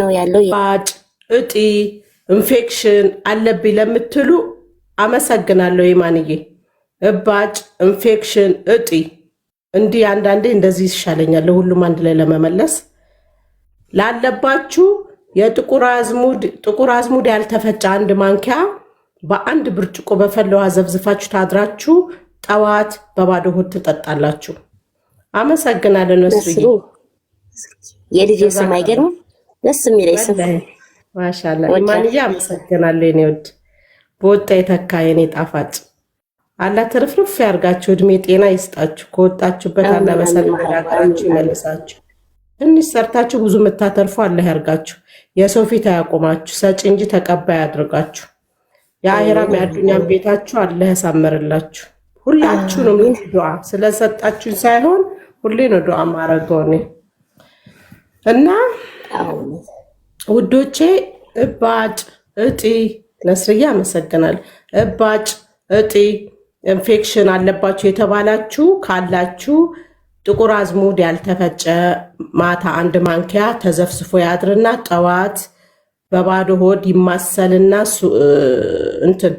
ነው ያለው። ባጭ እጢ ኢንፌክሽን አለብኝ ለምትሉ አመሰግናለሁ የማንዬ። እባጭ ኢንፌክሽን እጢ እንዲህ አንዳንዴ እንደዚህ ይሻለኛል ለሁሉም አንድ ላይ ለመመለስ ላለባችሁ የጥቁር አዝሙድ ጥቁር አዝሙድ ያልተፈጨ አንድ ማንኪያ በአንድ ብርጭቆ በፈላ ዘብዝፋችሁ ታድራችሁ ጠዋት በባዶ ሆድ ትጠጣላችሁ። አመሰግናለን። ነሱ የልጅ ስም አይገርምም። ደስ የሚለኝ ስም ማሻላ። ኢማንዬ አመሰግናለሁ የኔ ውድ በወጣ የተካ የኔ ጣፋጭ አላ ትርፍርፍ ያርጋችሁ፣ እድሜ ጤና ይስጣችሁ። ከወጣችሁበት አላ በሰላም ሀገራችሁ ይመልሳችሁ። ትንሽ ሰርታችሁ ብዙ የምታተርፉ አለ ያርጋችሁ። የሰው ፊት አያቆማችሁ፣ ሰጪ እንጂ ተቀባይ አድርጋችሁ። የአሄራም የአዱኛም ቤታችሁ አለ ያሳምርላችሁ። ሁላችሁንም ዱዓ ስለሰጣችሁ ሳይሆን ሁሌ ነው ዱዓ ማረገው እኔ እና ውዶቼ እባጭ እጢ ነስርዬ አመሰግናል። እባጭ እጢ ኢንፌክሽን አለባችሁ የተባላችሁ ካላችሁ ጥቁር አዝሙድ ያልተፈጨ ማታ አንድ ማንኪያ ተዘፍስፎ ያድርና ጠዋት በባዶ ሆድ ይማሰልና እንትን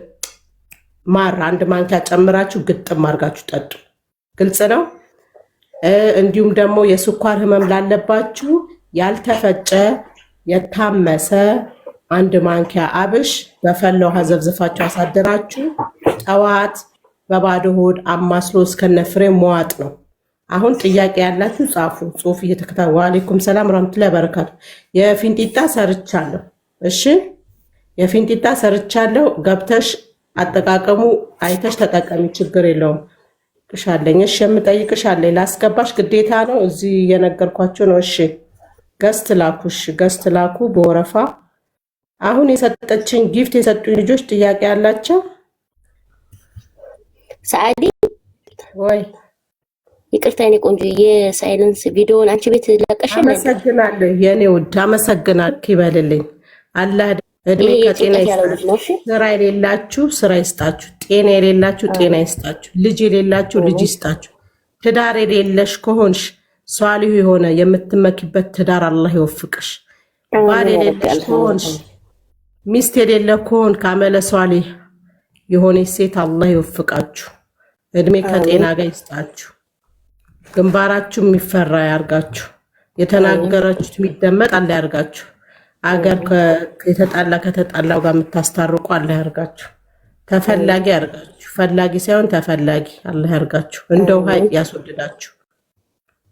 ማር አንድ ማንኪያ ጨምራችሁ ግጥም አድርጋችሁ ጠጡ። ግልጽ ነው። እንዲሁም ደግሞ የስኳር ህመም ላለባችሁ ያልተፈጨ የታመሰ አንድ ማንኪያ አብሽ በፈላ ውሃ ዘፍዝፋችሁ አሳድራችሁ ጠዋት በባዶ ሆድ አማስሎ እስከነ ፍሬ መዋጥ ነው። አሁን ጥያቄ ያላችሁ ጻፉ። ጽሁፍ እየተከታ ዋሌኩም ሰላም ረህመቱላሂ በረካቱ። የፊንጢጣ ሰርቻለሁ። እሺ የፊንጢጣ ሰርቻለሁ። ገብተሽ አጠቃቀሙ አይተሽ ተጠቀሚ፣ ችግር የለውም። ቅሻለኝ እሺ፣ የምጠይቅሽ ላስገባሽ ግዴታ ነው። እዚህ እየነገርኳቸው ነው። እሺ፣ ገስት ላኩ። እሺ፣ ገስት ላኩ በወረፋ አሁን የሰጠችን ጊፍት የሰጡኝ ልጆች ጥያቄ አላቸው። ሰአዲ ወይ ይቅርታ፣ የኔ ቆንጆ የሳይለንስ ቪዲዮን አንቺ ቤት ለቀሽ። አመሰግናለሁ የኔ ውድ አመሰግናል። ይበልልኝ አላህ እድሜ ከጤና ስራ የሌላችሁ ስራ ይስጣችሁ። ጤና የሌላችሁ ጤና ይስጣችሁ። ልጅ የሌላችሁ ልጅ ይስጣችሁ። ትዳር የሌለሽ ከሆንሽ ሷሊሁ የሆነ የምትመኪበት ትዳር አላህ ይወፍቅሽ። ባል የሌለሽ ከሆንሽ ሚስት የሌለ ከሆን ካመለ ሷሊህ የሆነ ሴት አላህ ይወፍቃችሁ። እድሜ ከጤና ጋር ይስጣችሁ። ግንባራችሁ የሚፈራ ያርጋችሁ። የተናገራችሁት የሚደመጥ አለ ያርጋችሁ። አገር የተጣላ ከተጣላው ጋር የምታስታርቁ አለ ያርጋችሁ። ተፈላጊ ያርጋችሁ። ፈላጊ ሳይሆን ተፈላጊ አለ ያርጋችሁ። እንደ ውሃ ያስወድዳችሁ።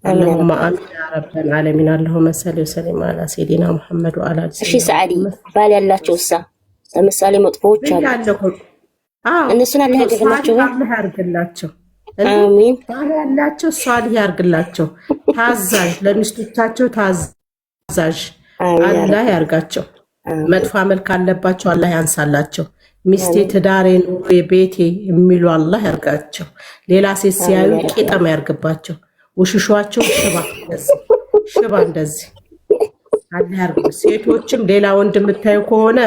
አለሁማ አሚን ያረበን አለሚን። አለሁ መሰል ወሰሊም አላ ሴዲና ሙሐመድ አላ። እሺ ሰዓዲ ባል ያላቸው እሳ ለምሳሌ መጥፎዎች አሉ። እነሱን አላህ ያርግላቸው፣ ያርግላቸው። ባል ያላቸው ሷሊህ ያርግላቸው። ታዛዥ ለሚስቶቻቸው ታዛዥ አላህ ያርጋቸው። መጥፎ አመል ካለባቸው አላህ ያንሳላቸው። ሚስቴ፣ ትዳሬ፣ ኑሬ ቤቴ የሚሉ አላህ ያርጋቸው። ሌላ ሴት ሲያዩ ቄጠማ ያርግባቸው። ውሽሿቸው ሽባ እንደዚህ ሽባ እንደዚህ አላህ ያርግ። ሴቶችም ሌላ ወንድ የምታዩ ከሆነ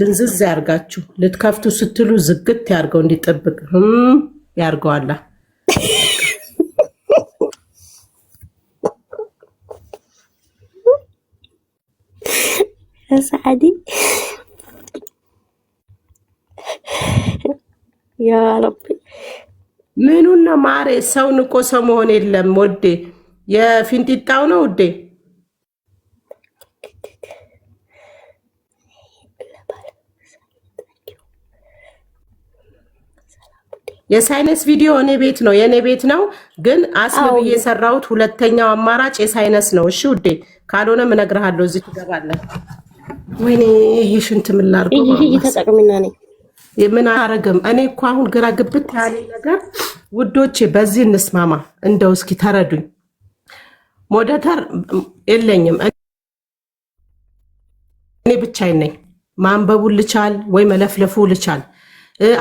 ድንዝዝ ያርጋችሁ። ልትከፍቱ ስትሉ ዝግት ያርገው፣ እንዲጠብቅ ያርገዋላ ساعدي ያ ረቢ ምኑን ነው ማሬ? ሰውን እኮ ሰው መሆን የለም ውዴ የፊንጢጣው ነው ውዴ። የሳይነስ ቪዲዮ እኔ ቤት ነው የእኔ ቤት ነው፣ ግን አስልብ የሰራሁት ሁለተኛው አማራጭ የሳይነስ ነው። እሺ ውዴ፣ ካልሆነ እነግርሃለሁ። እዚህ ትገባለን። ወይኔ ይህ ሽንት ምላር ተጠቅምና ነኝ የምን አረግም። እኔ እኮ አሁን ግራ ግብት ያለ ነገር ውዶቼ፣ በዚህ እንስማማ፣ እንደው እስኪ ተረዱኝ። ሞደተር የለኝም እኔ ብቻዬን ነኝ። ማንበቡ ልቻል ወይ መለፍለፉ ልቻል።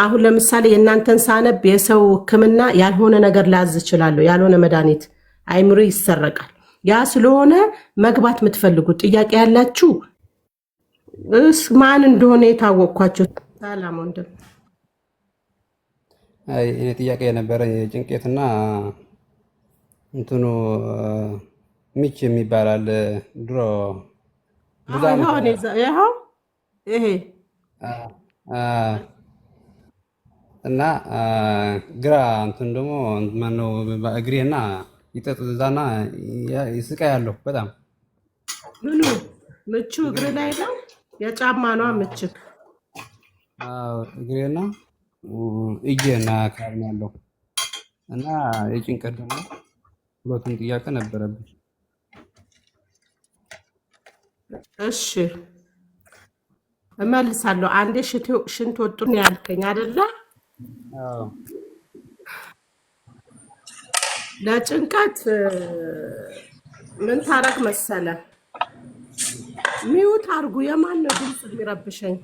አሁን ለምሳሌ የእናንተን ሳነብ የሰው ሕክምና ያልሆነ ነገር ላዝ እችላለሁ። ያልሆነ መድኃኒት አይምሮ ይሰረቃል። ያ ስለሆነ መግባት የምትፈልጉት ጥያቄ ያላችሁ ማን እንደሆነ የታወቅኳቸው። ሰላም ወንድም፣ እኔ ጥያቄ የነበረ ጭንቄትና እንትኑ ሚች የሚባላል ድሮ ይሄ እና ግራ እንትን ደግሞ ማነው እግሬና ይጠጥ ዛና ስቃ ያለሁ በጣም ምኑ ምቹ እግር ላይ ነው የጫማ ነው ምችል እግሬና እጄና አካባቢ ያለው እና የጭንቀት ደግሞ ሁለቱም ጥያቄ ነበረብኝ። እሺ እመልሳለሁ። አንዴ ሽንት ወጡን ያልከኝ አይደለ? ለጭንቀት ምን ታረግ መሰለ ሚዩት አርጉ። የማነው ድምፅ የሚረብሸኝ?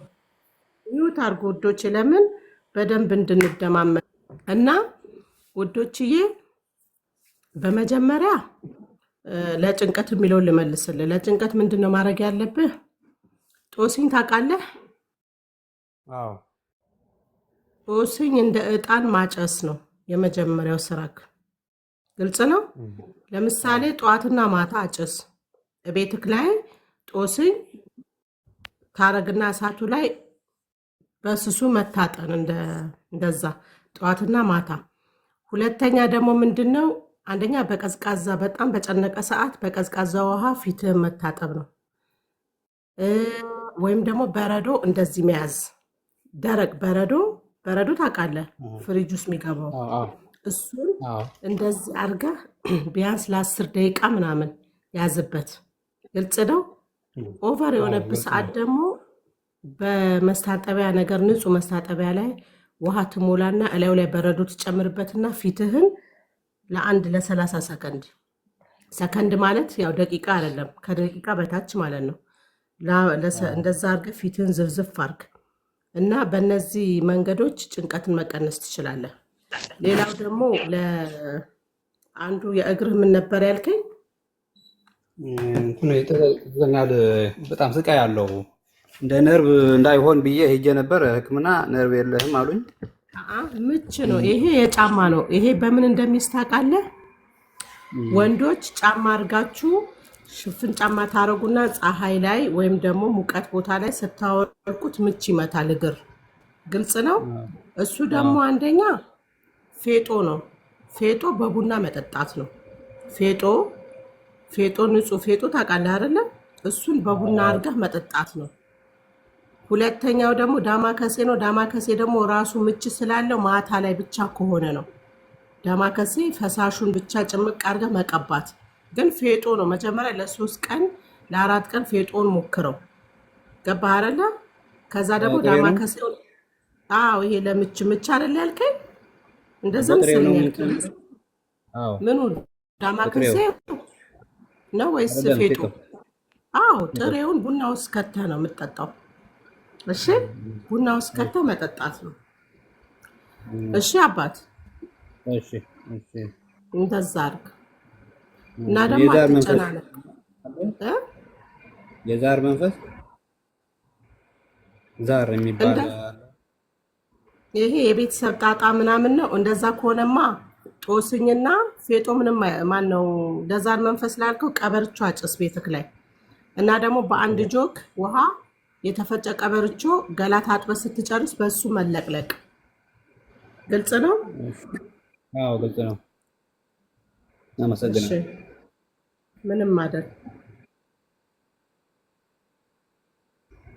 ሚዩት አርጉ ውዶች፣ ለምን በደንብ እንድንደማመን እና ውዶችዬ፣ በመጀመሪያ ለጭንቀት የሚለውን ልመልስልህ። ለጭንቀት ምንድን ነው ማድረግ ያለብህ? ጦስኝ ታውቃለህ? ጦስኝ እንደ እጣን ማጨስ ነው የመጀመሪያው ስራክ። ግልጽ ነው። ለምሳሌ ጠዋትና ማታ አጭስ እቤትክ ላይ ጦስኝ ታረግና እሳቱ ላይ በስሱ መታጠን እንደዛ ጠዋትና ማታ። ሁለተኛ ደግሞ ምንድን ነው አንደኛ በቀዝቃዛ በጣም በጨነቀ ሰዓት በቀዝቃዛ ውሃ ፊትህን መታጠብ ነው። ወይም ደግሞ በረዶ እንደዚህ መያዝ ደረቅ በረዶ በረዶ ታውቃለህ፣ ፍሪጅ ውስጥ የሚገባው እሱን እንደዚህ አድርገህ ቢያንስ ለአስር ደቂቃ ምናምን ያዝበት። ግልጽ ነው። ኦቨር የሆነብህ ሰዓት ደግሞ በመስታጠቢያ ነገር ንጹህ መስታጠቢያ ላይ ውሃ ትሞላና እላዩ ላይ በረዶ ትጨምርበትና ፊትህን ለአንድ ለሰላሳ ሰከንድ ሰከንድ ማለት ያው ደቂቃ አይደለም፣ ከደቂቃ በታች ማለት ነው። እንደዛ አርገ ፊትህን ዝፍዝፍ አድርግ እና በእነዚህ መንገዶች ጭንቀትን መቀነስ ትችላለህ። ሌላው ደግሞ ለአንዱ የእግርህ ምን ነበር ያልከኝ? በጣም ስቃይ አለው። እንደ ነርቭ እንዳይሆን ብዬ ሄጄ ነበር ሕክምና ነርቭ የለህም አሉኝ። ምች ነው ይሄ፣ የጫማ ነው ይሄ። በምን እንደሚስታቃለ ወንዶች ጫማ አድርጋችሁ ሽፍን ጫማ ታደረጉና ፀሐይ ላይ ወይም ደግሞ ሙቀት ቦታ ላይ ስታወልቁት ምች ይመታል እግር። ግልጽ ነው። እሱ ደግሞ አንደኛ ፌጦ ነው። ፌጦ በቡና መጠጣት ነው ፌጦ ፌጦ ንጹህ ፌጦ ታውቃለህ አይደለም? እሱን በቡና አድርገህ መጠጣት ነው። ሁለተኛው ደግሞ ዳማ ከሴ ነው። ዳማ ከሴ ደግሞ ራሱ ምች ስላለው ማታ ላይ ብቻ ከሆነ ነው። ዳማ ከሴ ፈሳሹን ብቻ ጭምቅ አድርገህ መቀባት። ግን ፌጦ ነው መጀመሪያ ለሶስት ቀን ለአራት ቀን ፌጦን ሞክረው። ገባህ አይደለ? ከዛ ደግሞ ዳማ ዳማከሴ አዎ፣ ይሄ ለምች ምች አይደል ያልከኝ? እንደዛም ምን ዳማ ከሴ ነው ወይስ ፌቱ? አዎ ጥሬውን ቡና ውስጥ ከተ ነው የምጠጣው። እሺ ቡና ውስጥ ከተ መጠጣት ነው። እሺ አባት፣ እንደዛ አድርግ እና ደግሞ አትጨናነቅ። የዛር መንፈስ ዛር የሚባል ይሄ የቤተሰብ ጣጣ ምናምን ነው። እንደዛ ከሆነማ ጦስኝና ፌጦ ምንም ማነው ደዛን መንፈስ ላልከው ቀበርቾ አጭስ ቤትክ ላይ እና ደግሞ በአንድ ጆክ ውሃ የተፈጨ ቀበርቾ ገላ ታጥበ ስትጨርስ በእሱ መለቅለቅ። ግልጽ ነው? አዎ ግልጽ ነው። አመሰግናለሁ። ምንም ማደር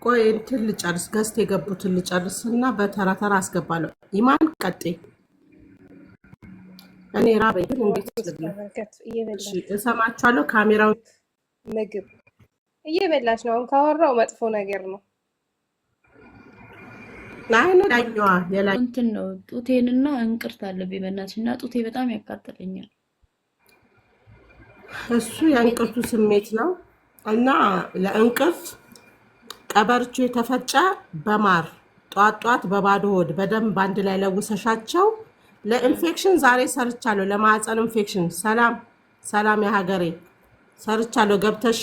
ቆይ እንትን ልጨርስ ገዝት የገቡትን ልጨርስ እና በተራ ተራ አስገባለሁ። ኢማን ቀጤ እኔ ራበኝ ግን እንዴት እሰማችኋለሁ? ካሜራው ምግብ እየበላች ነው። አሁን ካወራው መጥፎ ነገር ነው። ላይኑ እንትን ነው። ጡቴንና እንቅርት አለብኝ በእናትሽ እና ጡቴ በጣም ያቃጥለኛል። እሱ የእንቅርቱ ስሜት ነው እና ለእንቅርት ቀበርቹ የተፈጨ በማር ጧጧት በባዶ ሆድ በደንብ አንድ ላይ ለውሰሻቸው ለኢንፌክሽን ዛሬ ሰርቻለሁ። ለማህፀን ኢንፌክሽን ሰላም ሰላም፣ የሀገሬ ሰርቻለሁ። ገብተሽ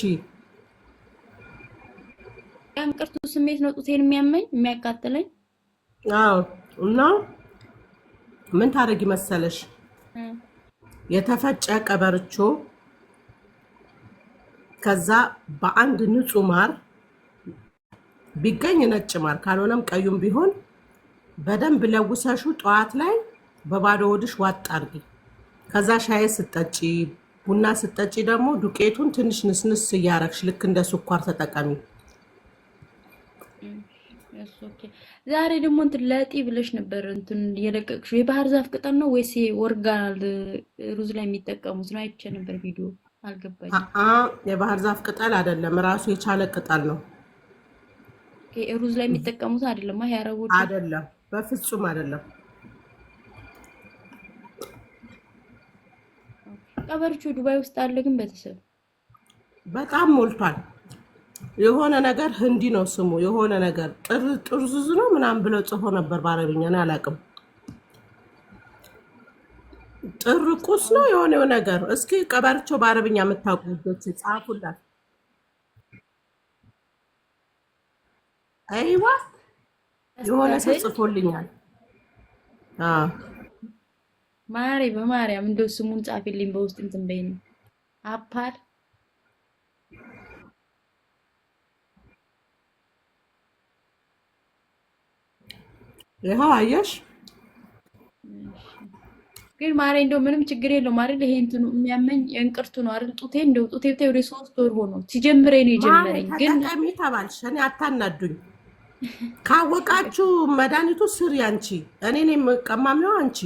ቅርቱ ስሜት ነው ጡቴን የሚያመኝ የሚያቃጥለኝ። አዎ እና ምን ታደርጊ መሰለሽ የተፈጨ ቀበርቾ ከዛ በአንድ ንጹህ ማር ቢገኝ ነጭ ማር ካልሆነም ቀዩም ቢሆን በደንብ ለውሰሹ ጠዋት ላይ በባዶ ወድሽ ዋጥ አርጊ። ከዛ ሻይ ስጠጪ፣ ቡና ስጠጪ ደግሞ ዱቄቱን ትንሽ ንስንስ እያረግሽ ልክ እንደ ስኳር ተጠቀሚ። ዛሬ ደግሞ እንትን ለጢ ብለሽ ነበር እንትን የለቀቅሽው የባህር ዛፍ ቅጠል ነው ወይስ ወርጋናል ሩዝ ላይ የሚጠቀሙት ነው? አይቼ ነበር ቪዲዮ አልገባኝ። የባህር ዛፍ ቅጠል አይደለም፣ ራሱ የቻለ ቅጠል ነው። ሩዝ ላይ የሚጠቀሙት አይደለም፣ ያረቡ አይደለም፣ በፍጹም አይደለም። ቀበርቹ ዱባይ ውስጥ አለ። ግን ቤተሰብ በጣም ሞልቷል። የሆነ ነገር ህንዲ ነው ስሙ። የሆነ ነገር ጥርዝዝ ነው ምናምን ብለው ጽፎ ነበር። በአረብኛ ነው አላውቅም። ጥርቁስ ነው የሆነው ነገር። እስኪ ቀበርቾ በአረብኛ የምታውቁ ጻፉላት። አይዋ የሆነ ሰው ጽፎልኛል። ማሬ በማርያም እንደው ስሙን ጻፊልኝ በውስጥ እንትን በይኝ። አፓል ይኸው አየሽ። ግን ማሬ እንደው ምንም ችግር የለው አይደል? ይሄ እንትኑ የሚያመኝ የእንቅርቱ ነው አይደል? ጡቴ እንደው ጡቴ ወደ ሶስት ወር ሆኖ ሲጀምሬ ነው የጀመረኝ። ግን ተጠቃሚ ተባልሽ። እኔ አታናዱኝ። ካወቃችሁ መድኃኒቱ ስር ያንቺ እኔ ነኝ ቀማሚዋ አንቺ